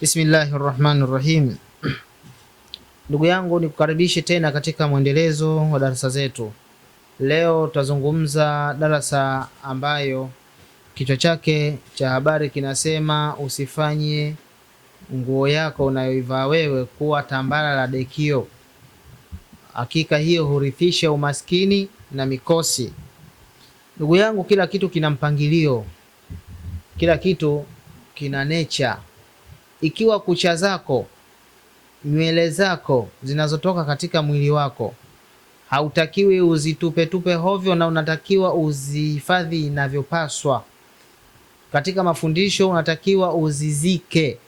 Bismillahir Rahmanir Rahim. Ndugu yangu, nikukaribishe tena katika mwendelezo wa darasa zetu. Leo tutazungumza darasa ambayo kichwa chake cha habari kinasema usifanye nguo yako unayoivaa wewe kuwa tambara la dekio, hakika hiyo hurithisha umaskini na mikosi. Ndugu yangu, kila kitu kina mpangilio, kila kitu kina nature ikiwa kucha zako, nywele zako zinazotoka katika mwili wako hautakiwi uzitupetupe hovyo, na unatakiwa uzihifadhi inavyopaswa. Katika mafundisho unatakiwa uzizike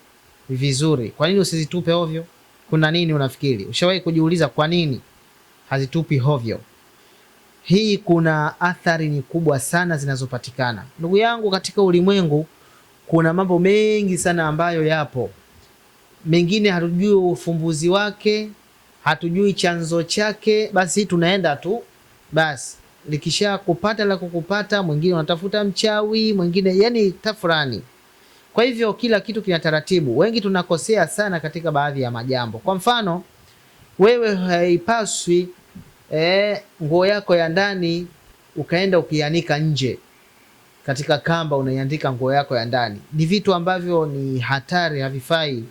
vizuri. Kwa nini usizitupe hovyo? Kuna nini unafikiri? Ushawahi kujiuliza kwa nini hazitupi hovyo? Hii kuna athari ni kubwa sana zinazopatikana, ndugu yangu, katika ulimwengu kuna mambo mengi sana ambayo yapo, mengine hatujui ufumbuzi wake, hatujui chanzo chake, basi tunaenda tu basi likisha kupata la kukupata, mwingine unatafuta mchawi, mwingine yani tafurani. Kwa hivyo kila kitu kina taratibu. Wengi tunakosea sana katika baadhi ya majambo. Kwa mfano, wewe haipaswi eh, nguo yako ya ndani ukaenda ukianika nje, katika kamba unaiandika nguo yako ya ndani. Ni vitu ambavyo ni hatari, havifai.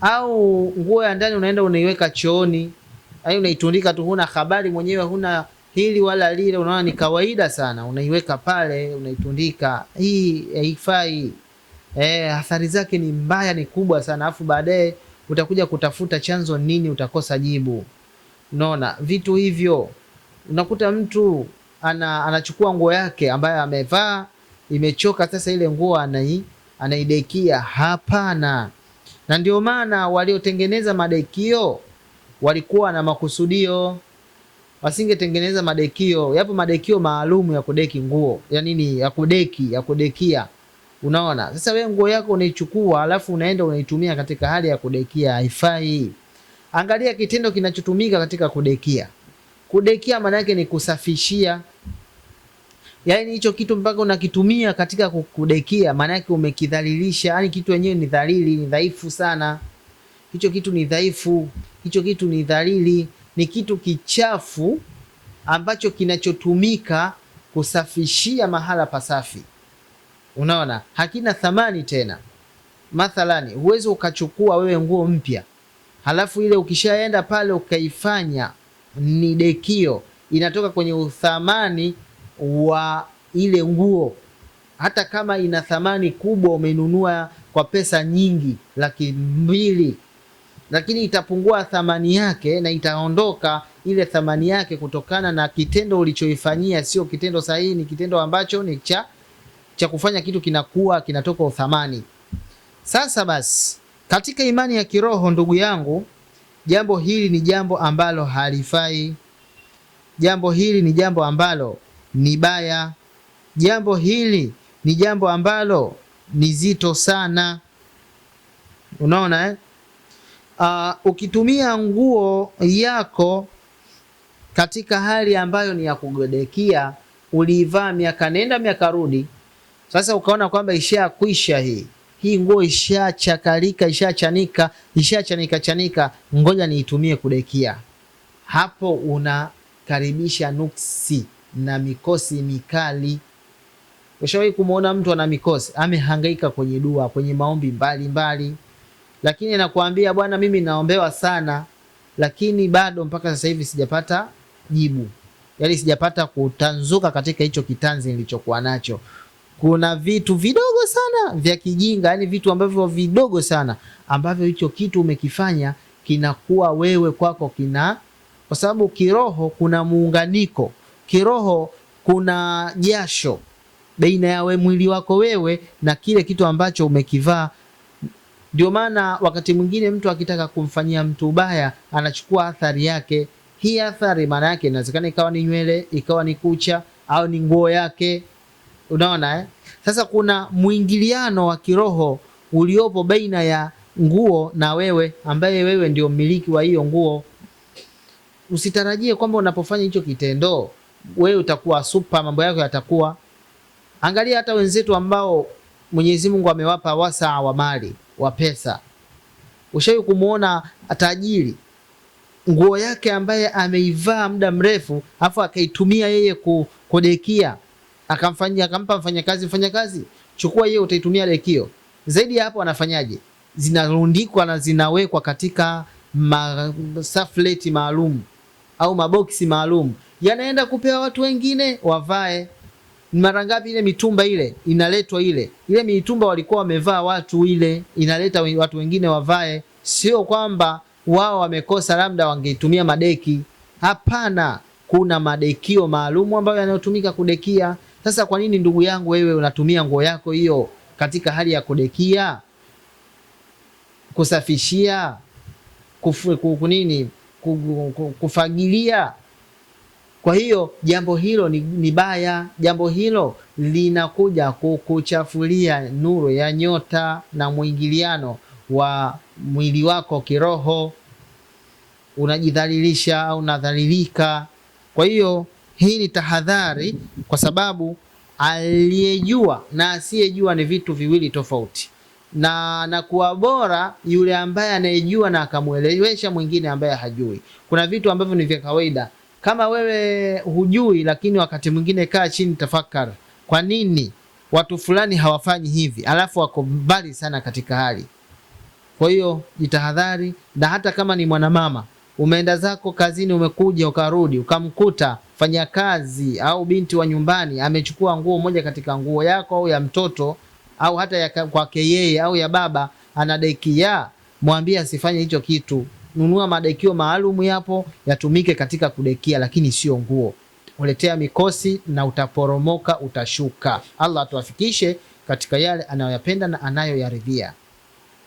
Au nguo ya ndani unaenda unaiweka chooni, ai, unaitundika tu, huna habari mwenyewe, huna hili wala lile, unaona ni kawaida sana, unaiweka pale, unaitundika. Hii haifai. Eh, athari zake ni mbaya, ni kubwa sana, afu baadaye utakuja kutafuta chanzo nini, utakosa jibu. Unaona vitu hivyo, unakuta mtu ana, anachukua nguo yake ambayo amevaa imechoka sasa, ile nguo anai anaidekia. Hapana, na ndio maana waliotengeneza madekio walikuwa na makusudio, wasingetengeneza madekio. Yapo madekio maalumu ya kudeki nguo ya nini, ya kudeki, ya kudekia. Unaona sasa, wewe nguo yako unaichukua, alafu unaenda unaitumia katika hali ya kudekia, haifai. Angalia kitendo kinachotumika katika kudekia. Kudekia maana yake ni kusafishia yani hicho kitu mpaka unakitumia katika kukudekia, maana yake umekidhalilisha. Yani kitu wenyewe ni dhalili, ni dhaifu sana. Hicho kitu ni dhaifu, hicho kitu ni dhalili, ni kitu kichafu ambacho kinachotumika kusafishia mahala pasafi. Unaona, hakina thamani tena. Mathalani, huwezi ukachukua wewe nguo mpya halafu ile ukishaenda pale ukaifanya ni dekio, inatoka kwenye uthamani wa ile nguo, hata kama ina thamani kubwa, umenunua kwa pesa nyingi, laki mbili, lakini itapungua thamani yake na itaondoka ile thamani yake kutokana na kitendo ulichoifanyia. Sio kitendo sahihi, ni kitendo ambacho ni cha cha kufanya kitu kinakuwa kinatoka uthamani. Sasa basi, katika imani ya kiroho ndugu yangu, jambo hili ni jambo ambalo halifai. Jambo hili ni jambo ambalo ni baya. Jambo hili ni jambo ambalo ni zito sana, unaona eh? Uh, ukitumia nguo yako katika hali ambayo ni ya kugodekia, uliivaa miaka nenda miaka rudi, sasa ukaona kwamba ishakwisha hii hii nguo ishachakalika, ishachanika, ishachanika chanika, ngoja niitumie kudekia. Hapo unakaribisha nuksi na mikosi mikali. Ushawahi kumuona mtu ana mikosi, amehangaika kwenye dua, kwenye maombi mbalimbali mbali. Lakini nakwambia bwana, mimi naombewa sana, lakini bado mpaka sasa hivi sijapata jibu, yaani sijapata kutanzuka katika hicho kitanzi nilichokuwa nacho. Kuna vitu vidogo sana vya kijinga, yaani vitu ambavyo vidogo sana ambavyo hicho kitu umekifanya kinakuwa wewe kwako kina, kwa sababu kiroho kuna muunganiko kiroho kuna jasho baina ya we mwili wako wewe na kile kitu ambacho umekivaa. Ndio maana wakati mwingine mtu akitaka kumfanyia mtu ubaya anachukua athari yake. Hii athari maana yake inawezekana ikawa ni nywele, ikawa ni kucha au ni nguo yake, unaona eh? Sasa kuna mwingiliano wa kiroho uliopo baina ya nguo na wewe, ambaye wewe ndio mmiliki wa hiyo nguo. Usitarajie kwamba unapofanya hicho kitendo wewe utakuwa super, mambo yako yatakuwa. Angalia hata wenzetu ambao Mwenyezi Mungu amewapa wasaa wa mali wa pesa. Ushawahi kumuona tajiri nguo yake ambaye ameivaa muda mrefu, afu akaitumia yeye kudekia, akamfanyia akampa mfanyakazi, mfanyakazi chukua, yeye utaitumia dekio. Zaidi ya hapo, wanafanyaje? Zinarundikwa na zinawekwa katika masafleti maalum au maboksi maalum yanaenda kupewa watu wengine wavae. Mara ngapi ile mitumba ile inaletwa, ile ile mitumba walikuwa wamevaa watu, ile inaleta watu wengine wavae, sio kwamba wao wamekosa, labda wangetumia madeki. Hapana, kuna madekio maalumu ambayo yanayotumika kudekia. Sasa kwa nini ndugu yangu wewe unatumia nguo yako hiyo katika hali ya kudekia, kusafishia, kufu, kukunini, kufagilia kwa hiyo jambo hilo ni, ni baya. Jambo hilo linakuja kukuchafulia nuru ya nyota na mwingiliano wa mwili wako kiroho, unajidhalilisha au unadhalilika. Kwa hiyo hii ni tahadhari, kwa sababu aliyejua na asiyejua ni vitu viwili tofauti, na nakuwa bora yule ambaye anayejua na akamwelewesha mwingine ambaye hajui. Kuna vitu ambavyo ni vya kawaida kama wewe hujui, lakini wakati mwingine kaa chini, tafakari kwa nini watu fulani hawafanyi hivi, alafu wako mbali sana katika hali. Kwa hiyo jitahadhari, na hata kama ni mwanamama umeenda zako kazini, umekuja ukarudi, ukamkuta fanyakazi au binti wa nyumbani amechukua nguo moja katika nguo yako au ya mtoto au hata kwake yeye au ya baba, anadekia mwambie asifanye hicho kitu nunua madekio maalum yapo yatumike katika kudekia, lakini sio nguo. Uletea mikosi na utaporomoka utashuka. Allah atuafikishe katika yale anayoyapenda na anayoyaridhia.